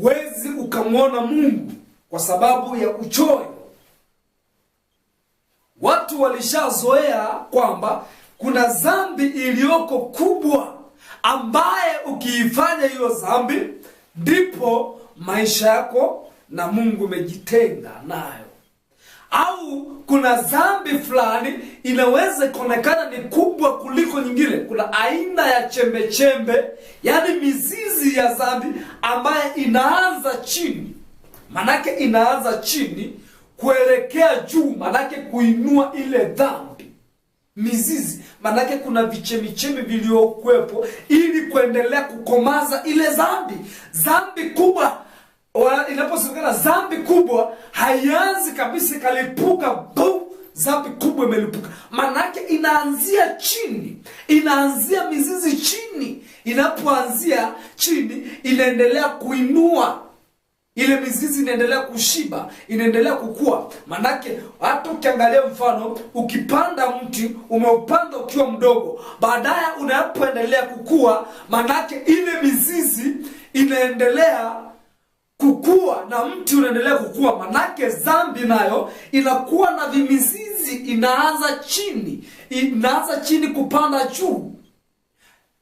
huwezi ukamwona Mungu kwa sababu ya uchoyo. Watu walishazoea kwamba kuna dhambi iliyoko kubwa ambaye ukiifanya hiyo dhambi ndipo maisha yako na Mungu umejitenga nayo kuna zambi fulani inaweza kuonekana ni kubwa kuliko nyingine. Kuna aina ya chembechembe, yaani mizizi ya zambi ambayo inaanza chini, manake inaanza chini kuelekea juu, manake kuinua ile dhambi mizizi, manake kuna vichemichemi viliokuwepo ili kuendelea kukomaza ile zambi, zambi kubwa inaposemekana zambi kubwa haianzi kabisa ikalipuka bu zambi kubwa imelipuka manake inaanzia chini inaanzia mizizi chini inapoanzia chini inaendelea kuinua ile mizizi inaendelea kushiba inaendelea kukua manake hata ukiangalia mfano ukipanda mti umeupanda ukiwa mdogo baadaye unapoendelea kukua manake ile mizizi inaendelea kukua na mti unaendelea kukua, manake zambi nayo inakuwa na vimizizi, inaanza chini, inaanza chini kupanda juu.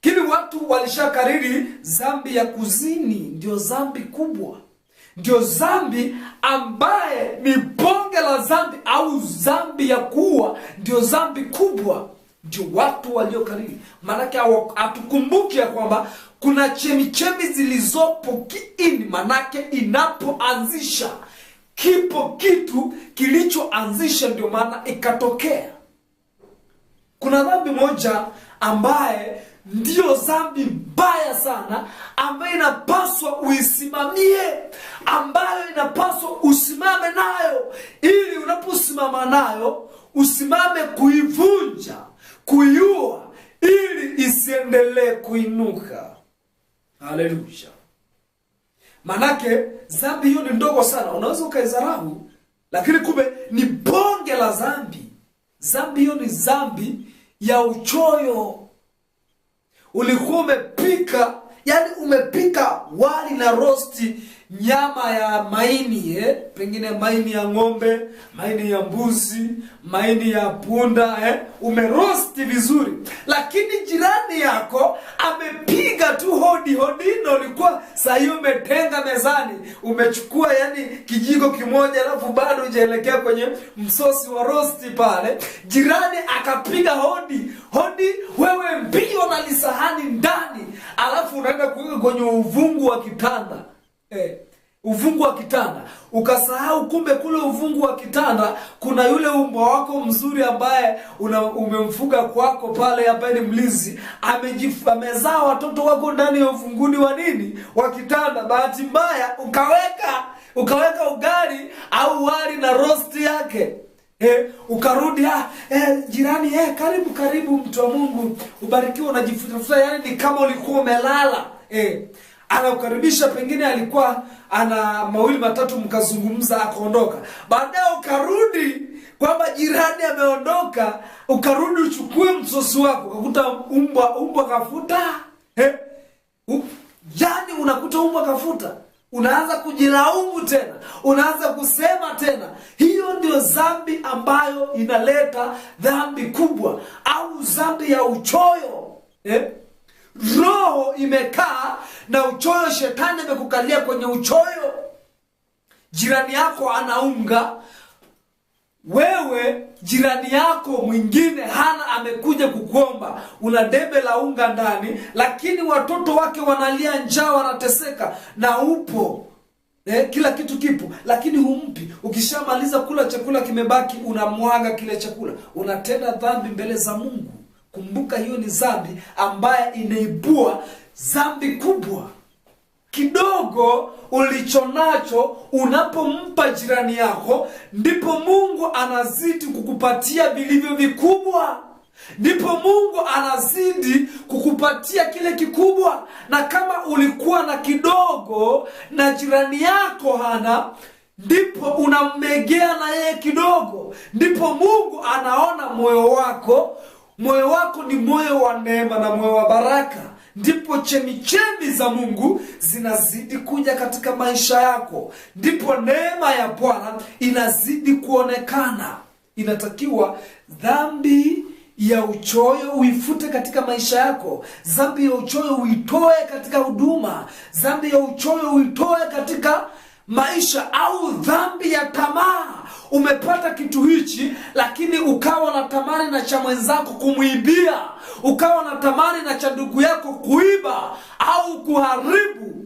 kili watu walishakariri zambi ya kuzini ndio zambi kubwa, ndio zambi ambaye ni bonge la zambi au zambi ya kuua, ndio zambi kubwa ndio watu karibu Maanake hatukumbuki ya kwamba kuna chemichemi zilizopo kiini, manake inapoanzisha kipo kitu kilichoanzisha, ndio maana ikatokea. Kuna dhambi moja ambaye ndiyo zambi mbaya sana ambayo inapaswa uisimamie, ambayo inapaswa usimame nayo, ili unaposimama nayo usimame kuivunja kuyua ili isiendelee kuinuka. Haleluya! Manake dhambi hiyo ni ndogo sana, unaweza ukaidharau, lakini kumbe ni bonge la dhambi. Dhambi hiyo ni dhambi ya uchoyo. Ulikuwa umepika yani umepika wali na rosti nyama ya maini eh? pengine maini ya ng'ombe maini ya mbuzi maini ya punda eh? umerosti vizuri lakini jirani yako amepiga tu hodi hodino ulikuwa saa hiyo umetenga mezani umechukua yani kijiko kimoja alafu bado ujaelekea kwenye msosi wa rosti pale jirani akapiga hodi hodi wewe mpiga alafu unaenda kuweka kwenye uvungu wa kitanda eh, uvungu wa kitanda ukasahau, kumbe kule uvungu wa kitanda kuna yule umbwa wako mzuri ambaye una, umemfuga kwako pale, ambaye ni mlinzi, amezaa watoto wako ndani ya uvunguni wa nini wa kitanda. Bahati mbaya ukaweka ukaweka ugali au wali na rosti yake Eh, ukarudi ah, eh, jirani eh, karibu karibu, mtu wa Mungu, ubarikiwa, unajifunza. Yani ni kama ulikuwa umelala eh, anakukaribisha, pengine alikuwa ana mawili matatu, mkazungumza, akaondoka. Baadaye ukarudi kwamba jirani ameondoka, ukarudi uchukue msosi wako, ukakuta umbwa umbwa kafuta eh, yani unakuta umbwa kafuta, unaanza kujilaumu tena, unaanza kusema tena ndiyo zambi ambayo inaleta dhambi kubwa au zambi ya uchoyo eh? roho imekaa na uchoyo shetani amekukalia kwenye uchoyo jirani yako anaunga wewe jirani yako mwingine hana amekuja kukuomba una debe la unga ndani lakini watoto wake wanalia njaa wanateseka na upo Eh, kila kitu kipo lakini humpi. Ukishamaliza kula chakula kimebaki, unamwaga kile chakula, unatenda dhambi mbele za Mungu. Kumbuka hiyo ni dhambi ambaye inaibua dhambi kubwa. Kidogo ulichonacho unapompa jirani yako, ndipo Mungu anazidi kukupatia vilivyo vikubwa ndipo Mungu anazidi kukupatia kile kikubwa. Na kama ulikuwa na kidogo na jirani yako hana, ndipo unammegea na yeye kidogo, ndipo Mungu anaona moyo wako. Moyo wako ni moyo wa neema na moyo wa baraka ndipo chemichemi za Mungu zinazidi kuja katika maisha yako, ndipo neema ya Bwana inazidi kuonekana. Inatakiwa dhambi ya uchoyo uifute katika maisha yako. Dhambi ya uchoyo uitoe katika huduma. Dhambi ya uchoyo uitoe katika maisha, au dhambi ya tamaa. Umepata kitu hichi, lakini ukawa na tamani na cha mwenzako kumwibia, ukawa na tamani na cha ndugu yako kuiba au kuharibu